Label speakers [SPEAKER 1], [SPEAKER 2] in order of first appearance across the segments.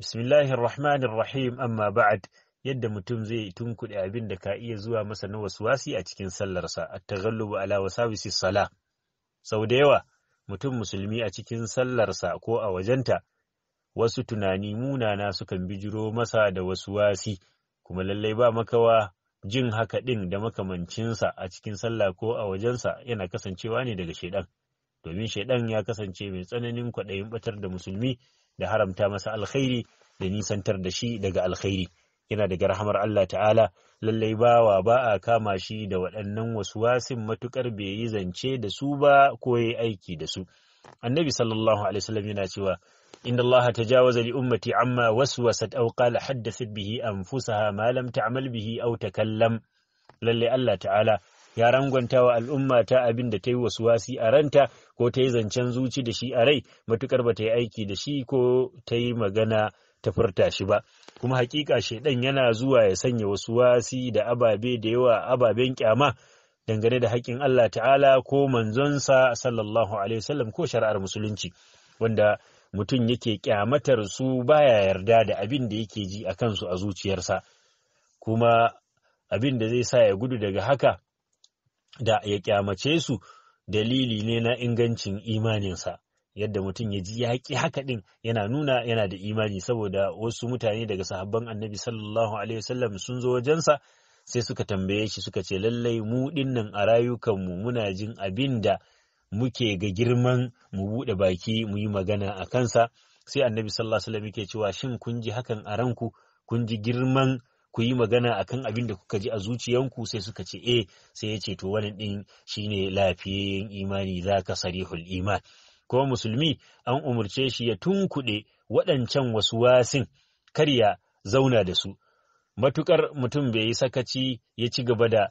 [SPEAKER 1] Bismillahir Rahmanir Rahim amma ba'ad yadda mutum zai tunkuɗe abin da ka iya zuwa masa na wasu wasi a cikin sallarsa a taghallubu ala wasawisi sala sau da yawa mutum musulmi a cikin sallarsa ko a wajenta wasu tunani munana sukan bijiro masa da wasu wasi kuma lallai ba makawa jin haka ɗin da makamancinsa a cikin sallah ko a wajensa yana kasancewa ne daga shaidan domin shaidan ya kasance mai tsananin kwaɗayin batar da musulmi da haramta masa alkhairi da nisantar da shi daga alkhairi yana daga rahamar Allah ta'ala lallai bawa ba a kama shi da waɗannan wasin matukar bai yi zance da su ba ko yi aiki da su annabi sallallahu alaihi wasallam yana cewa inna Allah tajawaza li ummati amma waswasat aw qala haddathat bihi anfusaha ma lam ta'mal bihi aw takallam lallai Allah ta'ala ya rangwanta wa al'umma ta abin da ta yi wasu wasi a ranta ko ta yi zancen zuci da shi a rai matukar ba ta yi aiki da shi ko ta yi magana ta furta shi ba kuma hakika shaidan yana zuwa ya sanya wasu wasi da ababe da yawa ababen kyama dangane da haƙƙin Allah ta'ala ko manzonsa sallallahu alaihi wasallam ko shari'ar musulunci wanda mutum yake kyamatar su baya yarda da abin da yake ji a kansu a zuciyarsa kuma abin da zai sa ya gudu daga haka da ya kyamace su dalili ne na ingancin imaninsa yadda mutum ya ji yaƙi haka ɗin yana nuna yana da imani saboda wasu mutane daga sahabban annabi sallallahu alaihi wasallam sun zo wajensa sai suka tambaye shi suka ce lallai mu ɗinnan a rayukanmu muna jin abin da muke ga girman mu buɗe baki mu yi magana a kansa sai annabi sallallahu alaihi wasallam yake cewa shin kun ji hakan a ranku kun ji girman ku yi magana akan abin da kuka ji a zuciyanku sai suka ce eh sai ya ce to wannan din shine lafiyayyen imani za zaka sarihul iman ko musulmi an umarce shi ya tunkuɗe waɗancan wasu wasin karya zauna da su matukar mutum bai yi sakaci ya ci gaba da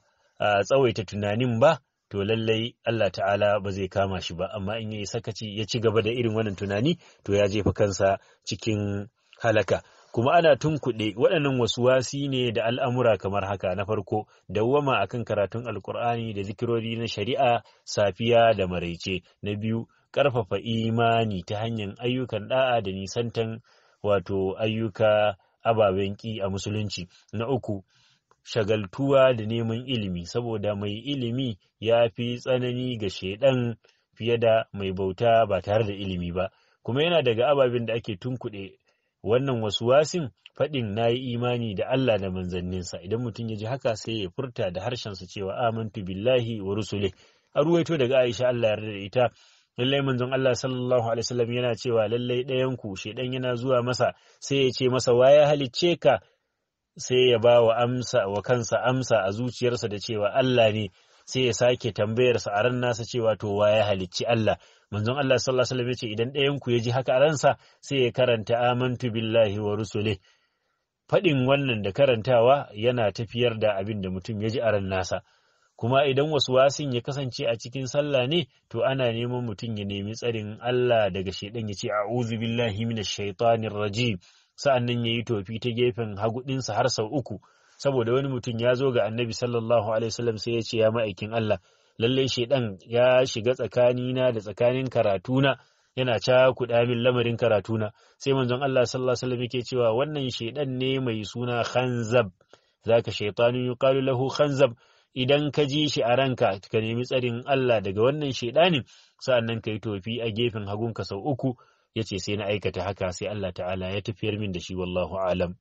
[SPEAKER 1] tsawaita tunanin ba to lallai Allah ta'ala ba zai kama shi ba amma in ya yi sakaci ya ci gaba da irin wannan tunani to ya jefa kansa cikin halaka kuma ana tunkuɗe waɗannan wasu wasi ne da al'amura kamar haka na farko dawwama akan karatun alkur'ani da zikirori na shari'a safiya da maraice na biyu ƙarfafa imani ta hanyar ayyukan ɗa'a da nisantan wato ayyuka ababen ƙi a musulunci na uku shagaltuwa da neman ilimi saboda mai ilimi ya fi tsanani ga shaidan fiye da mai bauta ba tare da ilimi ba kuma yana daga ababen da ake tunkuɗe wannan wasu wasin faɗin na yi imani da Allah da manzanninsa idan mutum ya ji haka sai ya furta da harshen harshensa cewa amantu billahi wa rusule a ruwaito daga Aisha Allah yarda da ita lallai manzon Allah sallallahu alaihi wasallam yana cewa lallai ɗayan ku shedan yana zuwa masa sai ya ce masa 'Wa ya halicce ka sai ya ba wa amsa wa kansa amsa a zuciyarsa da cewa Allah ne sai ya sake tambayar sa a ran nasa cewa to wa ya halicci Allah manzon Allah sallallahu alaihi wasallam ya ce idan ɗayan ku ya ji haka a ransa sai ya karanta amantu billahi wa rusuli faɗin wannan da karantawa yana tafiyar da abin da mutum ya ji a ran nasa kuma idan wasu wasin ya kasance a cikin sallah ne to ana neman mutum ya nemi tsarin Allah daga shaidan ya ce a'udhu billahi minash shaitanir rajim sa'annan yayi tofi ta gefen hagudinsa har sau uku saboda wani mutum ya zo ga annabi sallallahu alaihi wasallam sai ya ce ya ma'aikin Allah lallai shaidan ya shiga tsakanina da tsakanin karatuna yana ca kuɗa min lamarin karatuna sai manzon Allah sallallahu alaihi wasallam yake cewa wannan shaidan ne mai suna khanzab zaka shaytanu yuqalu lahu khanzab idan ka ji shi a ranka ka nemi tsarin Allah daga wannan shaidanin sa'annan ka yi tofi a gefen hagunka sau uku yace sai na aikata haka sai Allah ta'ala ya tafiyar min da shi wallahu alam